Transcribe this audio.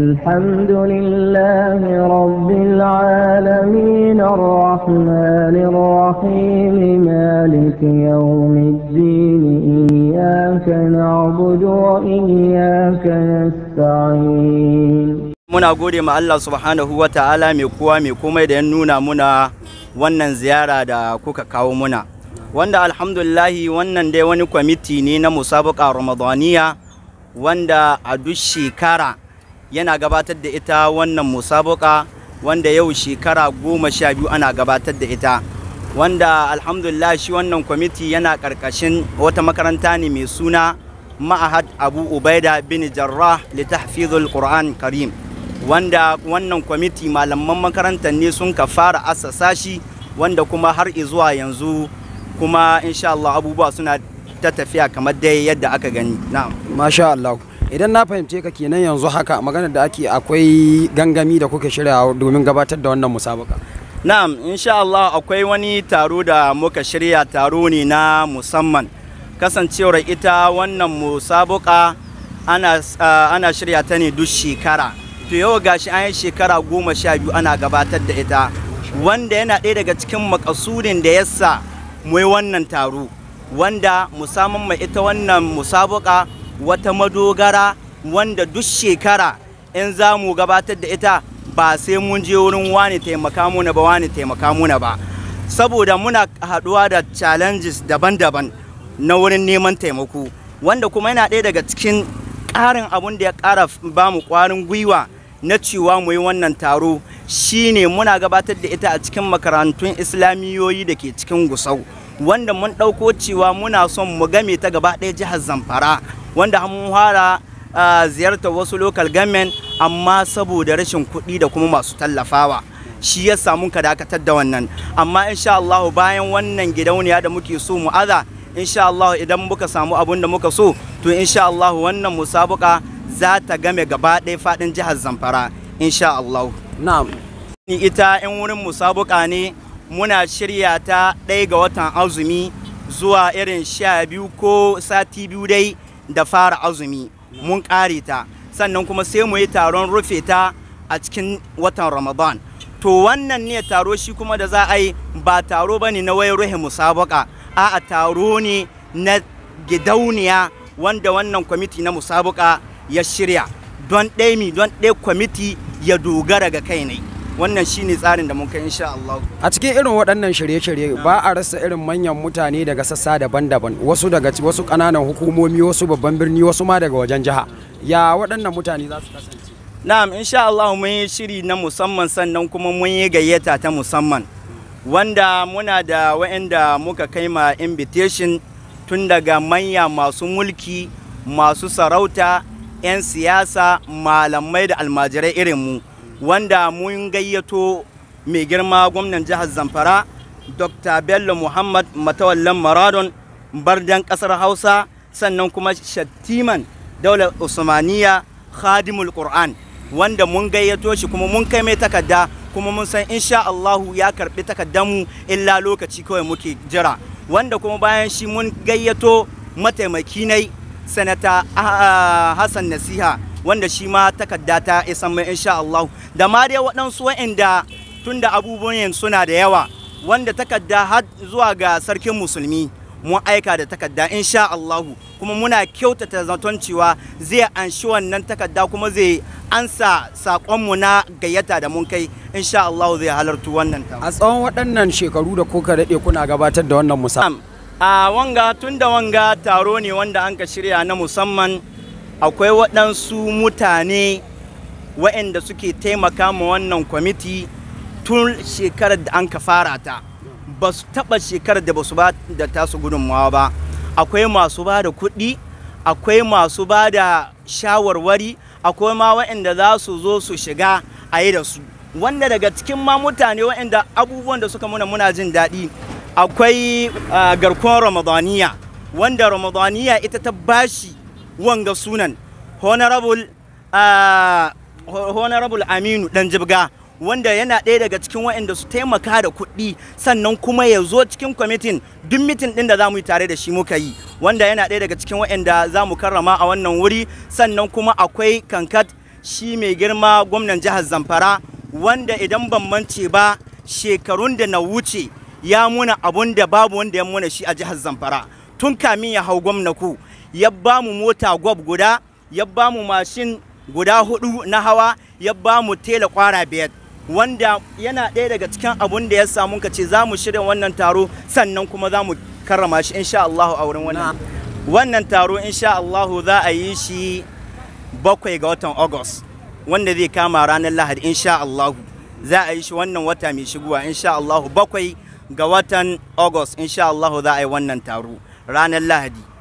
الحمد لله رب العالمين الرحمن الرحيم مالك يوم الدين إياك نعبد وإياك نستعين muna gode ma Allah subhanahu wa ta'ala mai kowa mai komai da ya nuna muna wannan ziyara da kuka kawo muna wanda alhamdulillahi wannan dai wani kwamiti ne na musabaka ramadaniya wanda a duk shekara yana gabatar da ita wannan musabuka wanda yau shekara goma sha biyu ana gabatar da ita wanda alhamdulillah shi wannan kwamiti yana karkashin wata makaranta ne mai suna ma'ahad abu ubaida bin jarrah litahfizul qur'an karim wanda wannan kwamiti malaman makarantar ne sun ka fara assasa shi wanda kuma har zuwa yanzu kuma insha Allah abubuwa suna ta tafiya kamar dai yadda aka gani na'am masha Allah idan na fahimce ka kenan yanzu haka maganar da ake akwai gangami da kuke shirya domin gabatar da wannan musabaka na'am insha Allah akwai wani taro da muka shirya taro ne na musamman kasancewar ita wannan musabaka ah, ana, shirya ta ne duk shekara to yau gashi an yi shekara goma sha biyu ana gabatar da ita wanda yana ɗaya daga cikin makasudin da yasa yi wannan taro wanda musamman mai ita wannan musabaka wata madogara wanda duk shekara in za mu gabatar da ita ba sai mun je wurin wani taimaka muna ba wani taimaka muna ba saboda muna haɗuwa da challenges daban-daban na wurin neman taimako wanda kuma yana ɗaya daga cikin ƙarin abun da ya ƙara ba mu ƙwarin gwiwa na cewa mu yi wannan taro shine muna gabatar da ita a cikin makarantun islamiyoyi da ke cikin gusau wanda mun ɗauko cewa muna son mu game ta gaba ɗaya jihar zamfara wanda mun fara ziyartar wasu local government amma saboda rashin kuɗi da kuma masu tallafawa shi ya samu ka dakatar da wannan amma insha Allah bayan wannan gidauniya da muke so mu aza insha Allah idan muka samu abun da muka so to insha Allah wannan musabuka za ta game gaba ɗaya faɗin jihar Zamfara insha Allah na'am ita in wurin musabuka ne muna shirya ta ɗaya ga watan azumi zuwa irin sha biyu ko sati biyu dai da fara azumi mun ƙare ta sannan kuma sai mu yi taron rufe ta a cikin watan ramadan to wannan ne taro shi kuma da za a yi ba taro ba ne na wai ruhe musabaka a a taro ne na gidauniya wanda wannan kwamiti na musabaka ya shirya don ɗaya don ɗaya kwamiti ya dogara ga kai ne. wannan shine tsarin da muka insha Allah a cikin irin waɗannan shirye-shirye ba a rasa irin manyan mutane daga sassa daban-daban wasu daga wasu ƙananan hukumomi wasu babban birni wasu ma daga wajen jiha ya waɗannan mutane za su kasance na'am insha Allah mun yi shiri na musamman sannan kuma mun yi gayyata ta musamman wanda muna da waɗanda muka kai ma invitation tun daga manya masu mulki masu sarauta 'yan siyasa malamai da almajirai irin mu wanda mun gayyato mai girma gwamnan jihar zamfara dr bello muhammad matawallan maradon bardan kasar hausa sannan kuma shattiman daular usmaniya khadimul qur'an wanda mun gayyato shi kuma mun kai mai takarda kuma mun san insha Allahu ya karbi mu illa lokaci kawai muke jira wanda kuma bayan shi mun gayyato mataimaki nai sanata ah, hassan nasiha wanda shi ma takarda ta isa mai insha Allah da ma dai waɗansu tun tunda abubuwan suna da yawa wanda takarda har zuwa ga sarkin musulmi mu aika da takarda insha Allahu kuma muna kyautata zaton cewa zai anshi wannan takarda kuma zai ansa sakonmu na gayyata da mun kai insha Allahu zai halartu wannan a tsawon waɗannan shekaru da kuka daɗe kuna gabatar da wannan musamman a wanga tun da wanga taro ne wanda an ka shirya na musamman akwai waɗansu mutane waɗanda suke taimaka ma wannan kwamiti tun shekarar da an ka fara ta ba su taɓa shekarar da ba su ba da tasu gudunmawa ba akwai masu ba da kuɗi akwai masu ba da shawarwari akwai ma waɗanda za su zo su shiga a yi da su wanda daga cikin ma mutane waɗanda abubuwan da suka muna muna jin daɗi akwai ah, garkon ramadaniya wanda ramadaniya ita ta bashi wanga sunan honorable ah, honorable aminu dan jibga wanda yana ɗaya daga cikin waɗanda su taimaka da kuɗi sannan kuma ya zo cikin kwamitin duk mitin ɗin da za mu yi tare da shi muka yi wanda yana ɗaya daga cikin waɗanda za mu karrama a wannan wuri sannan kuma akwai kankat shi mai girma gwamnan jihar zamfara wanda idan ban mance ba shekarun da na wuce ya muna abun da babu wanda ya muna shi a jihar zamfara tun kamin ya hau gwamna ku ya ba mu mota gwab guda ya ba mu mashin guda hudu na hawa ya ba mu tela kwara biyar wanda yana ɗaya daga cikin abun da ya samu ka ce za mu shirya wannan taro sannan kuma za mu karrama shi insha Allahu a wurin wannan wannan taro insha Allahu za a yi shi bakwai ga watan August wanda zai kama ranar Lahadi insha Allahu za a yi shi wannan wata mai shigowa insha Allahu bakwai ga watan August insha Allahu za a yi wannan taro ranar Lahadi